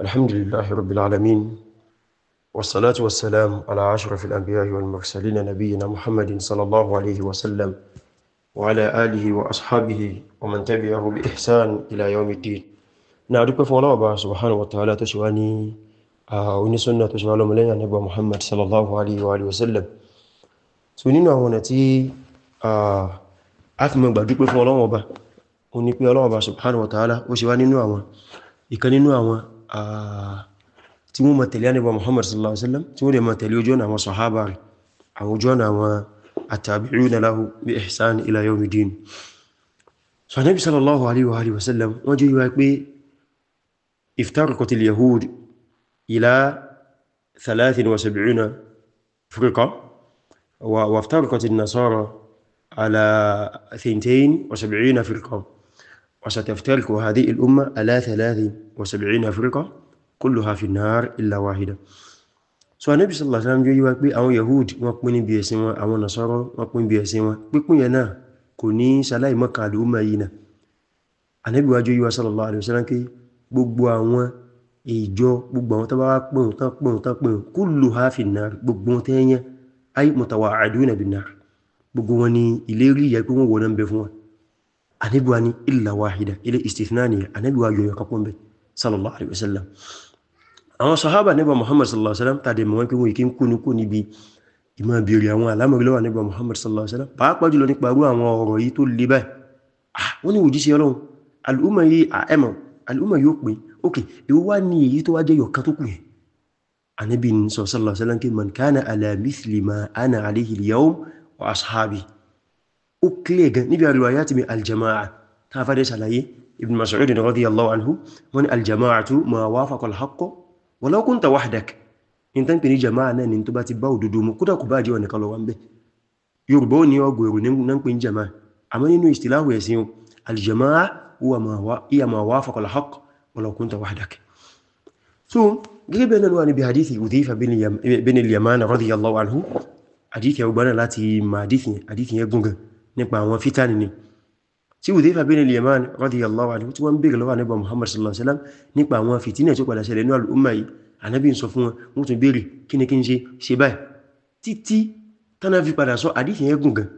الحمد لله رب العالمين والصلاة والسلام على أشرف الأنبياء والمرسلين نبينا محمد صلى الله عليه وسلم وعلى آله وأصحابه ومن تبعه بإحسان إلى يوم الدين نعرف فون الله سبحانه وتعالى تشواني أوني سنة تشوى لمليا نبوى محمد صلى الله عليه وآله وسلم سنين وعنتي أثمن بدوك فون الله أوني بي الله سبحانه وتعالى وشواني نوعا ìkan nínú آه، تيمو ما تليان ابو محمد صلى الله عليه وسلم تيمو ما تليو جونا وصحابة او جونا و والتابعون له باحسان الى يوم الدين فالنبي صلى الله عليه واله وسلم وجي يقول افترقت اليهود الى 73 فرقه وافترقت النصارى على 72 فرقه وستفترق هذه الأمة على 73 فرقة كلها في النار إلا واحدة so anabi sallallahu alaihi wasallam yoyiwa pé àwọn yahud wọ́n pín ní bí ẹ̀sìn wọn àwọn nasoro wọ́n pín bí ẹ̀sìn wọn pípín yẹn náà kò ní salai maka aluma yìí náà anabi wa yoyiwa sallallahu alaihi wasallam ke gbogbo àwọn ìjọ gbogbo àwọn tó bá wá pín tán pín tán pín kulluha fi nar gbogbo wọn teyan ay mutawaaduna bin nar gbogbo wọn ní ìlérí yẹ pé wọ́n wona ńbẹ fún wọn ànábì wa ní illa wahida ilé istithnani ànábì wa yọ̀yọ̀ kankan bẹ̀ sallallahu alaihi wasallam àwọn sahaba ànábì wa muhammad sallallahu alaihi wasallam tàdé mọ̀ wọn pé wọ́n ìkín kú ní kú níbi ìmọ̀ bèèrè àwọn alámọ̀rí lọ́wọ́ ànábì wa muhammad sallallahu alaihi wasallam pàápàá jùlọ nípa irú àwọn ọ̀rọ̀ yìí tó le báyìí ah, wọ́n ní òjíṣẹ́ ọlọ́run al'umma yìí àẹ́mọ̀ ah, al'umma yóò pín ok ìwọ wá ní èyí tó wá jẹ́ yọ̀ká tó kù yẹn ànábì sallallahu alaihi wasallam kí man kana ala mithli ma ana alayhi al-yawm wa ashabi ó clear gan níbi àríwáyá ti mi aljama'a ta fàdé ṣàlàyé ibn Mas'ud radiyallahu anhu wọ́n aljama'atu ma wafaqa al-haqqa walau kunta wahdak in tan pini jama'a náà ni tó bá ti bá òdodo mu kódà kò bá jẹ́ ọ̀nà kalọ̀wà ń bẹ́ yorùbá ò ní ọgọ̀ èrò náà pin jama'a àmọ́ nínú ìsìláhù ẹ̀sìn aljama'a iya ma wafaqa al-haqqa walau kunta wahdak so gẹ́gẹ́ bẹ́ẹ̀ náà wà níbi hadithi Hudhayfa bin al-Yaman radiyallahu anhu hadithi ya gbana láti ma hadithi yẹn gungan nípa àwọn fítàní ni tí Hudhayfa bin al-Yaman radiyallahu anhu tí wọ́n bèèrè lọ́wọ́ ànábì Muhammad sallallahu alaihi wasallam nípa àwọn fìtínà tí ó padà ṣẹlẹ̀ ní al-umma yìí ànábì ń sọ fún wọn wọ́n tún bèèrè kí ni kí n ṣe ṣe báyìí títí tánà fi padà sọ àdífì yẹn gùn gan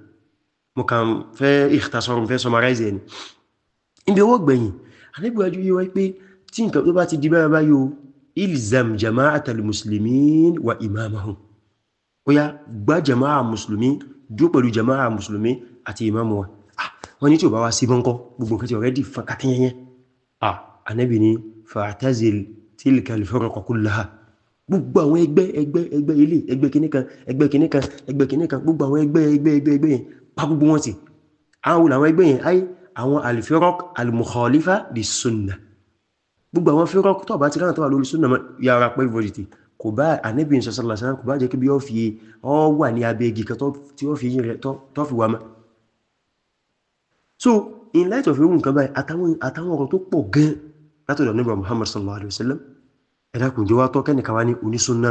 mo kàn fẹ́ ìtàsọrùn fẹ́ summarize ẹni ibi owó gbẹ̀yìn ànábì wájú yíwá pé tí àti ìmáàmù wọn wọ́n ní tí ò bá wá sí bọ́ńkọ́ gbogbo nǹkan tí ọ̀rẹ́ dì fún katíyẹnyẹ ànábì ní fa'tazil tilka al-firqa kullaha gbogbo àwọn ẹgbẹ́ ẹgbẹ́ ẹgbẹ́ ilé ẹgbẹ́ kìnníkan ẹgbẹ́ kìnníkan ẹgbẹ́ kìnníkan gbogbo àwọn ẹgbẹ́ ẹgbẹ́ ẹgbẹ́ ẹgbẹ́ yẹn pa gbogbo wọn tì àwọn wò làwọn ẹgbẹ́ yẹn ayé àwọn al-firq al-mukhalifa lis-sunnah gbogbo àwọn firq tó bá ti ráhàn tó wà kò bá ànábì sallallahu kò bá jẹ́ kí bí ó fi ọ wà ní abẹ́gi kan tó fi wà máa so in light of irú nǹkan bayi àtàwọn ọ̀rọ̀ tó pọ̀ gan látọ̀dọ̀ nabi Muhammad sallallahu alaihi wasallam ila kun jẹ́ wá tọ́ kẹ́nìkan oni sunna onísúnnà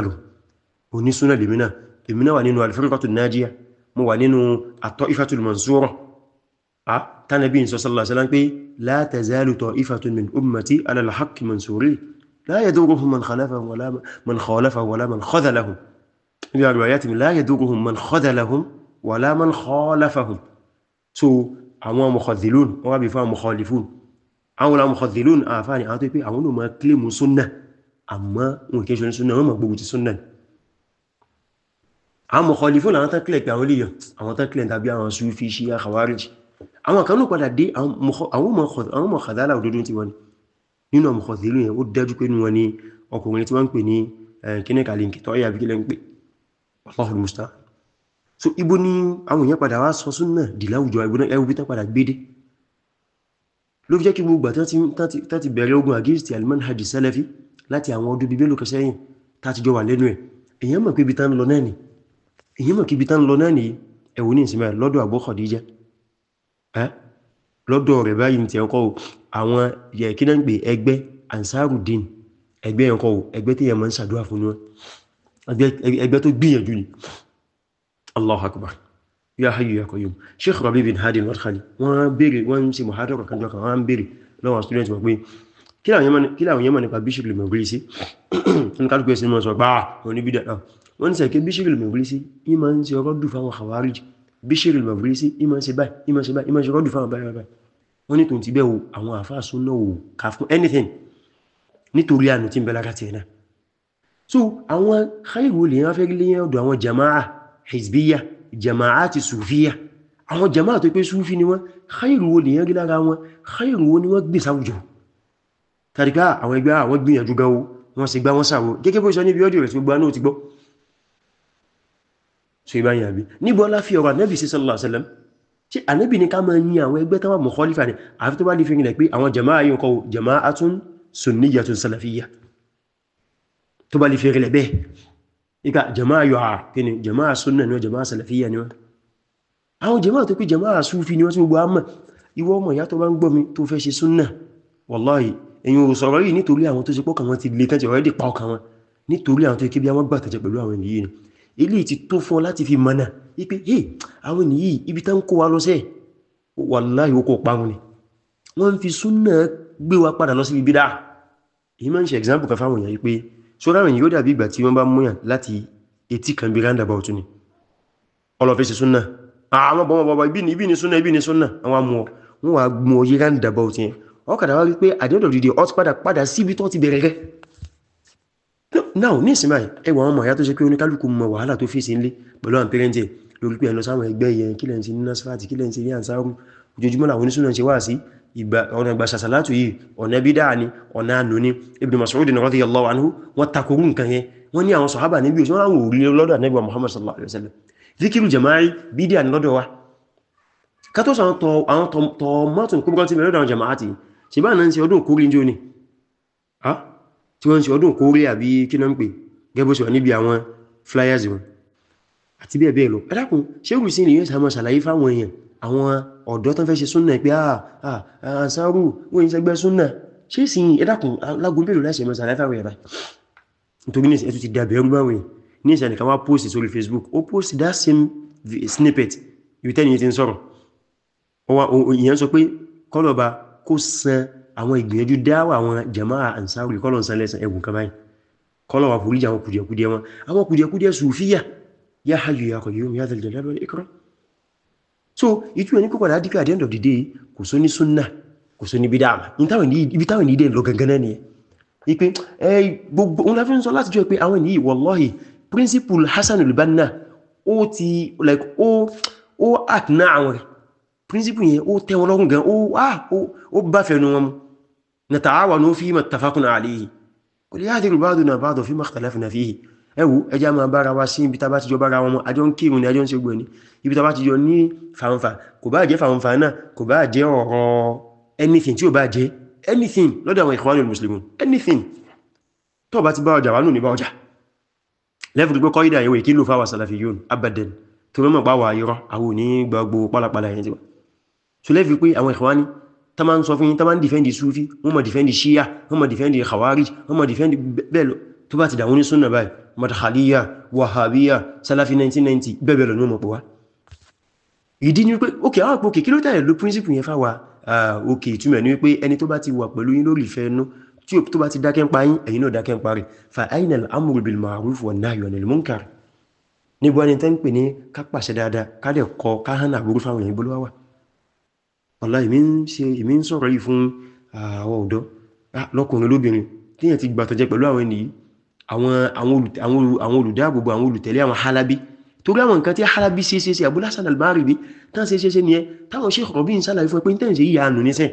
onisunna le mina lèmínà lèmínà wà nínú al-firqatu an-najiyah mo wà nínú at-ta'ifatu al-mansura a tánàbí sọ sallallahu alaihi wasallam pé la tazalu ta'ifatu min ummati ala al-haqqi mansurin لا يدورهم من خالفهم ولا من خالفهم ولا من خذلهم في روايات لا يدورهم من خذلهم ولا من خالفهم so àwọn mọ̀kọ̀dìlún wọ́n wá bí fún mọ̀kọ̀lìfún àwọn mọ̀kọ̀dìlún àfáàní àwọn tó pé àwọn náà máa kílèmù súnnà àmọ́ wọn kí ṣe súnnà wọ́n máa gbogbo ti súnnà ni àwọn mọ̀kọ̀lìfún àwọn tán kílẹ̀ pé àwọn lèyàn àwọn tán kílẹ̀ tàbí àwọn sufi ṣí àkàwáríjì àwọn kan náà padà dé àwọn mọ̀kọ̀dálà òdodo ti wọn nínú mọ̀kọ̀dìlún yẹn so ibo ni àwọn èèyàn padà wá sọ súnà di láwùjọ ìbò náà ẹwùbí tán padà gbédé ló fi jẹ́ kí gbogbo tán ti bẹ̀rẹ̀ ogun against alman hajj salafi láti àwọn ọdún bíbélò kẹsẹ́yìn tàti jọ wà lẹ́nu ẹ̀ ni èèyàn mọ̀ kíbi tán lọ náà ni ẹ̀wù ní ìsinmi lọ́dọ̀ Abu Khadija lọ́dọ̀ rẹ̀ báyìí ti ẹ̀kọ́ àwọn yẹ̀kínà ń pè ẹgbẹ́ ansarudin ẹgbẹ́ ẹ̀kọ́ ẹgbẹ́ tí yẹn mọ̀ ń ṣàdúrà fún wọn ẹgbẹ́ tó gbìyànjú ni Allahu akbar ya hayyu ya qayyum sheikh rabi bin hadi al-madkhali wọ́n béèrè wọ́n sì muhadara kan jọ kan wọ́n béèrè lọ́wọ́ student wọ́n pé kí láwọn yẹ́mọ̀ nípa bishop al-Maqdisi ní kálùkù ẹ̀sìn mọ́ sọ gbá oníbídà náà wọ́n ní sẹ̀kẹ́ bishop al-Maqdisi ìmọ̀ ń ṣe rọ́dù fáwọn khawarij bishop al-Maqdisi ìmọ̀ ń ṣe báyìí ìmọ̀ ń ṣe báyìí ìmọ̀ ń ṣe rọ́dù fáwọn báyìí báyìí wọ́n ní ti bẹ́ẹ̀ wo àwọn àfáà súnà wò ká fún anything nítorí àánú tí ń bẹ lára tiẹ̀ náà so àwọn khairu lè yẹn fẹ́ lé yẹn ọ̀dọ̀ àwọn jama'a hizbiyya jama'ati sufiyya àwọn jama'a tó pé sufi ni wọ́n khairu wo lèyàn gílára wọn khairu wo ni wọ́n gbé sáwùjọ tàríká àwọn ẹgbẹ́ àwọn gbìyànjú gawo wọ́n sì gbá wọ́n sàwọ́ gẹ́gẹ́ bó sọ níbi ọdí rẹ̀ tó gbá náà ti gbọ́ so ìbáyìn àbí níbo ọlá fi ọ̀rọ̀ ànábì sí sallallahu alaihi wasallam tí ànábì ní ká máa ní àwọn ẹgbẹ́ tánwà mọ̀kọ́lífà ní àfi tó bá lè fi rìnlẹ̀ pé àwọn jama'a yìí kọ jama'atun ìgbà jama'a yọ̀há kíni jama'a súnnà ni wọ́n jama'a salafiyya ni wọ́n àwọn jama'a tó pé jama'a súfì ni wọ́n tí gbogbo àmà ìwọ ọmọ ìyá tó bá ń gbọ́ mi tó fẹ́ ṣe súnnà wallahi èyàn ò sọ̀rọ̀ yìí nítorí àwọn tó ṣe pọ́ kàwọn ti lè tẹ́jẹ̀ ọ̀rẹ́dì pa ọkàn wọn nítorí àwọn tó ṣe kébí àwọn gbà tẹ́jẹ̀ pẹ̀lú àwọn ènìyàn ni ilé ti tó fún ọ wallahi ó kó pa wọn ni wọ́n fi súnnà gbé wa padà lọ sí so yóò dàbí ìgbà tí wọ́n bá múyàn láti etí kan bí roundabout ni ọlọ́fẹ́sẹ̀ súnnà ah, àwọn bọ̀mọ̀bọ̀bọ̀ ibi ni súnnà ibi ni súnnà àwọn amú wọn wà mú oyí roundabout yẹn ọkàdà wá wípé àdínlọ̀ dìde ọt padà padà síbi tó ti bẹ̀rẹ̀ rẹ̀ náà ní ìsinmi ẹwà ọmọ ìyá tó ṣe pé oníkálùkù mọ wàhálà tó fèsì ńlé pẹ̀lú àwọn pẹ́rẹ́ntì lórí pé ẹ̀lọ sáwọn ẹgbẹ́ yẹn kílẹ̀ ń ṣe ní nasfati kílẹ̀ ń ṣe ní ansaru ojoojúmọ́ làwọn oníṣúná ń ọ̀nà ìgbàṣàṣàlátù yìí ọ̀nà bídá ni ọ̀nà ànú ni Ibn Mas'ud radiyallahu anhu wọ́n takoru nǹkan yẹn wọ́n ní àwọn sọ̀hábà níbi òṣèlú àwọn òrí lọ́dọ̀ ànẹ́gbà Muhammad sallallahu alaihi wasallam zikiru jama'i bídá ni lọ́dọ̀ wa kátó sọ àwọn tọmọ́tún kúrúkọ́ ti mẹ́rẹ́ àwọn jama'a ti ṣe bá náà ń ṣe ọdún kórí ń jó ni tí wọ́n ń ṣe ọdún kórí àbí kí náà ń pè gẹ́gbó sọ àwọn ọ̀dọ́ tó ń fẹ́ ṣe súnnà pé àǹsáàrù ah, ah, wọ́n yí sẹgbẹ́ súnnà ṣe sí ẹ̀dàkùn alágun bèèrè láìṣẹ́ mọ́ sàlẹ́fà rẹ̀ rẹ̀ nítorí ní ẹ̀tù ti dàbẹ̀ ẹrú báwẹ̀ ní ìṣẹ̀lẹ̀ kan wá post sórí Facebook ó post that snippet ibi tẹ́ni ti ń sọ̀rọ̀ ìyẹn sọ pé kọ́lọ̀ba kó san àwọn ìgbìyànjú dáwà àwọn jama'a àǹsáàrù kọ́lọ̀ san lẹ́sàn ẹ̀wù kan báyìí kọ́lọ̀ wà foríjà àwọn kùdìẹ̀kùdìẹ̀ wọn àwọn kùdìẹ̀kùdìẹ̀ sùfíyà yá hayyu yá qayyum yá dhal jalali so ìtú ẹni kó padà dípẹ́ at the end of the day kò só ní súnnà kò só ní bídá àmà ibi táwọn ìdí lọ gangan náà nìyẹn ipe gbogbo òun láfí ń sọ láti jọ pé àwọn ènìyàn wallahi principle Hassan al ó ti like ó àtúná àwọn rẹ̀ principle yẹn ó tẹ́ wọn lọ́gùn gan ó bá fẹ̀nu wọn nata'awanu fima ittafaqna alayhi qul ya'dhiru ba'duna ba'dan fima ikhtalafna fihi ẹwù ẹjá máa bára wa sí ibi tàbá ti jọ bára wọn mọ́ àjọ ń kírun ní àjọ ń ṣe gbò ní ibi tàbá ti jọ ní fàǹfà kò bá jẹ́ fàǹfà náà kò bá jẹ́ ọ̀rọ̀ anything tí ò bá jẹ́ anything lọ́dọ̀ àwọn Ikhwanul Muslimun anything tó bá ti bá ọjà wà nù ní bá ọjà lẹ́fùdù pé kọ́ídà ìwé kí ló fà wà Salafiyun abadan tó mẹ́mọ̀ pa wà irọ́ àwọn òní gbogbo pálapàla ẹ̀yẹn ti wà so lẹ́fì pé sọ fún yín ta ma Sufi wọ́n ma dìfẹ́ndì Shia wọ́n ma dìfẹ́ndì Khawarij wọ́n ma dìfẹ́ndì bẹ́ẹ̀ tó bá ti dàwọn onísúnnà báyìí madkhaliya wahhabiya salafi 1990 bẹ́bẹ̀ lọ ní ọmọ pọ̀wá ìdí ni wípé ókè àwọn àpòkè kí ló tẹ̀lẹ̀ ló príncipù yẹn fáwa òkè ìtumẹ̀ ni wípé ẹni tó bá ti wà pẹ̀lú yín lórí ìfẹ́ inú tí ó tó bá fa aina al-amru bil ma'ruf wan nahyu 'anil munkar níbo ẹni tẹ́ ń pè ní ká pàṣẹ dáadáa ká dẹ̀ kọ ká hàn àbúrú fáwọn èèyàn gbólówá wà ọ̀la èmi ń ṣe èmi ń sọ̀rọ̀ yìí ti gbàtọ̀jẹ pẹ̀lú àwọn ènìyàn àwọn àwọn olùdáàbòbò àwọn olùtẹ̀lé àwọn halabi torí àwọn nǹkan tí halabi ṣe ṣe ṣe abúlásán albáàrìbí tán ṣe ṣe ṣe ni ẹ táwọn Sheikh Rabi' sálàyé fún ẹ pé ní tẹ́ǹṣe yíya nù nísẹ́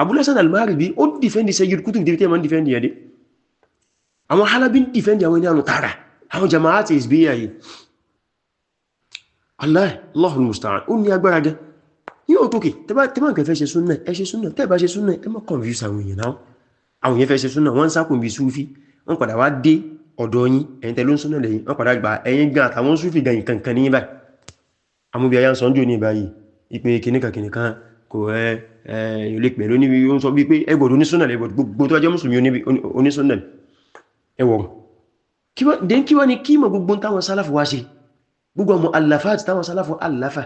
abúlásán albáàrìbí ó dìfẹ́ndì Sayyid Qutb débi tẹ́ẹ̀mọ́ dìfẹ́ndì ẹ̀dẹ́ àwọn halabi dìfẹ́ndì àwọn ènìyàn tààrà àwọn jama'ati isbiya yìí Allah Allahul musta'an ó ní agbára gan yóò tókè tẹ́bá nǹkan fẹ́ ṣe súnnà ẹ ṣe súnnà tẹ́bá ṣe súnnà ẹ mọ́ confuse àwọn èèyàn náà àwọn èèyàn fẹ́ ṣe wọ́n padà wá dé ọ̀dọ̀ yín ẹ̀yin tẹ́ ló ń súnà lẹ́yìn wọ́n padà gba ẹ̀yin gan àtàwọn súfì gan kankan ní báyìí amúbi ayá ń sọ jò ní báyìí ipe kìnìkan kìnìkan kò ẹ ẹ ilé pẹ̀lú níbi ó ń sọ wípé ẹ gbọ́dọ̀ onísúnà lẹ gbọ́dọ̀ gbogbo tó jẹ́ mùsùlùmí onísúnà ẹ wọ̀rọ̀ dẹ́n kí wá ní kí mọ̀ gbogbo táwọn sálàfù wá ṣe gbogbo ọmọ àlàfà àti táwọn sálàfù àlàfà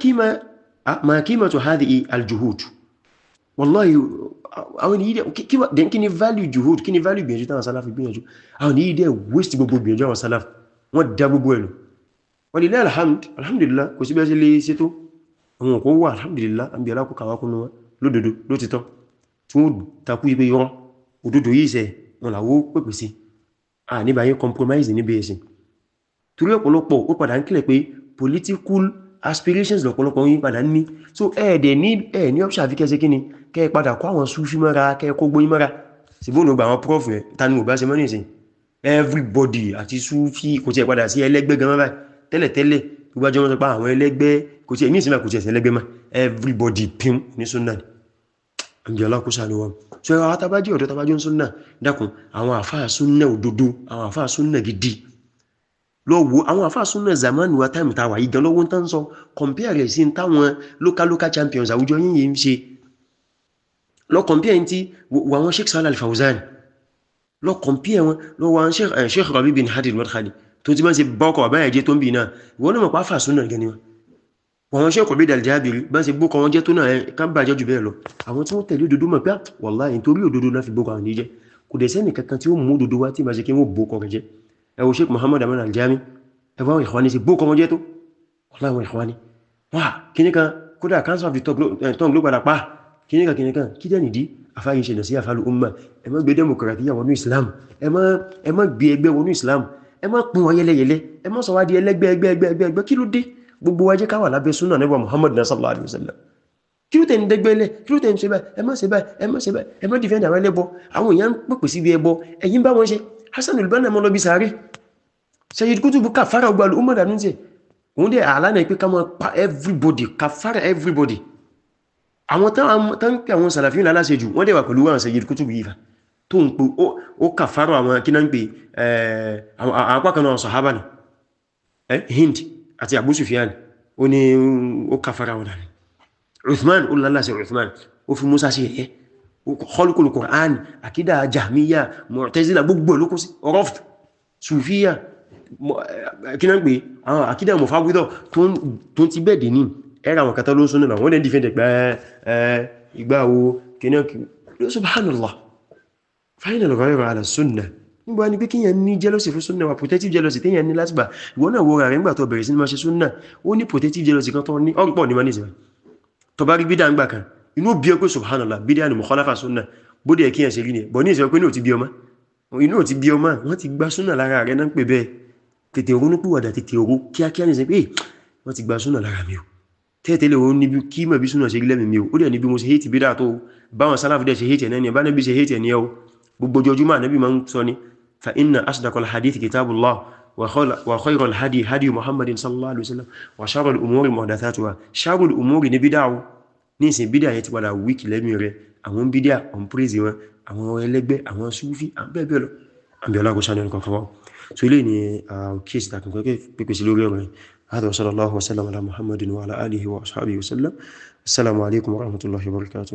kí máa Ah, ma qimatu hadhihi aljuhud wallahi àwọn yìí dẹ̀ kí ni value juhud kí ni value gbìyànjú táwọn sálàfì gbìyànjú àwọn yìí dẹ̀ waste gbogbo gbìyànjú àwọn sálàfì wọ́n dá gbogbo ẹ̀lú wọ́n lè alhamd alhamdulillah kò sí bẹ́ẹ̀ sí lè ṣètò àwọn òkú wà alhamdulillah àbí alákùnkàwákùnú wọn lódodo lótìtọ́ tí wọ́n takú ipe yọ òdodo yìí sẹ wọn làwó pèpè sí à níbàáyé compromise níbi ẹ̀sìn torí ọ̀pọ̀lọpọ̀ ó padà ń kílẹ̀ pé political aspirations lọ́pọ̀lọpọ̀ yín padà ní so ẹ̀ẹ̀dẹ̀ ní ẹ̀ ní option àfikẹ́ sí kíni kẹ́ padà kó àwọn súnfí mọ́ra kẹ́ kó gbóyín mọ́ra síbónú gba àwọn prof rẹ̀ tani ò bá ṣe mọ́nì sí everybody àti súnfí kò tiẹ̀ padà sí ẹlẹ́gbẹ́ gan mọ́ra tẹ́lẹ̀tẹ́lẹ̀ gbogbo àjọ wọn sọ pé àwọn ẹlẹ́gbẹ́ kò tiẹ̀ ní ìsinmi kò tiẹ̀ sí ẹlẹ́gbẹ́ mọ́ everybody pim ní sunna ni ǹjẹ́ ọlọ́kùn sáré wọn so àwọn tabajú ọ̀dọ́ tabajú sunna dákun àwọn àfáà sunna òdodo àwọn àfáà sunna gidi lọ wo àwọn àfàsúnà zamani wa time tàwà yìí gan lọ́wọ́ tán sọ compare rẹ̀ sí táwọn local local champions àwùjọ yìnyín ń ṣe lọ compare ti wà wọn Sheikh Salah Al-Fawzan lọ compare wọn lọ wà wọn eh, Sheikh Rabi bin Hadi al-Madkhali tó ti bá ń ṣe bọ́kọ̀ àbáyà jẹ́ tó ń bì náà ìwọ́n náà mọ̀ pa àfàsúnà gan ni wọn wọ́n ṣe kọ̀bí dàljabiri bá ṣe gbókọ̀ wọn jẹ́ tó náà eh, kán bàjẹ́ jù bẹ́ẹ̀ lọ àwọn tí wọ́n tẹ̀lé òdodo mọ̀ pé ah, wàláhì nítorí òdodo náà fi gbókọ̀ àwọn níjẹ́ kò dẹ̀ sẹ́nì tí ó mú òdodo wá tí ìbáṣe kí wọ́n gbókọ̀ rẹ̀ jẹ́ ẹwọ sheik muhammad amin aljami ẹwọ àwọn ìkwani sí bókọ wọn jẹ́ tó ọláwọn ìkwani wà kíníkan kódà cancer of the tongue ló eh, padà pa kíníkan kíníkan kí jẹ́ nìdí afáyí ṣe nàṣí àfàlù umma ẹ má gbé democratia wọnú islam ẹ má gbé ẹgbẹ́ wọnú islam ẹ má pín wọn yẹlẹyẹlẹ ẹ má sọ wá di ẹlẹ́gbẹ́ ẹgbẹ́ ẹgbẹ́ ẹgbẹ́ ẹgbẹ́ kí ló dé gbogbo wa mọ́ lọ bí sáré sayid kutubu kàfàrà ọgbà ọmọ ìdànù tí òun dẹ̀ àlànà ìpé ká pa everybody kàfàrà everybody àwọn tán pẹ àwọn sàlàfíìn aláṣẹjù wọ́n dẹ̀ wà pẹ̀lú àwọn sayid kutubu yìí fa tó ń pè ó kàfàrà àwọn kíná ń pè eh, àpákanáà sọ̀hábà ní eh, hind àti abu sufyan uthman ó lálàṣẹ uthman ó fi musa sí ẹ̀yẹ kọlùkùlù kùrán àkídà jahmiya sufiya Eh, kíná pé àwọn àkídà mọ̀ fáwídọ̀ tó ti bẹ̀dẹ̀ ní ẹ̀rà àwọn kata ló súnú náà wọ́n lè dìfẹ́ndẹ̀ pẹ́ eh, eh, ìgbàwo kíná kí ló subhanallah final gharib ala sunna nígbà ní pé kí yẹn ní sunna wa protective jealousy tí yẹn ní láti gbà sunna ó ní protective jealousy kan tó ní ọ̀pọ̀ ní manism tó bá rí bídá ń gbà sunna bó dẹ̀ kí yẹn ni bọ̀ ní ìṣẹ́ pé wọ́n ti gbá sunna lára rẹ̀ náà pè bẹ́ẹ̀ tètè ronú pìwàdà tètè oró kíákíá ní ìsìnkú wọ́n ti gba súnà lára mi o tẹ́ẹ̀tẹ́lẹ̀ oró níbi kí mọ̀ bí súnà ṣe gílẹ̀ mi o ó dẹ̀ níbi mo ṣe hétì bídà tó báwọn sálàfù dẹ̀ ṣe hétì ẹ̀ náà bá nẹ́bí ṣe hétì ẹ̀ ní ẹ̀ o gbogbo ojoojúmọ́ ànábì máa ń sọ ni fa wa khayral hadi hadi muhammadin wa sharral umuri muhdathatuha sharral ni bid'a ní ìsìn bídà yẹn ti padà wíkì lẹ́mí rẹ àwọn bídà on praise wọn àwọn ẹlẹgbẹ́ àwọn súfì lọ so ilé ni kíyèsí tàkùn kẹ́kẹ́ pípẹ́ sí lórí ọ̀rọ̀ هذا وصلى الله وسلم على محمد وعلى آله وأصحابه وسلم السلام عليكم ورحمة الله وبركاته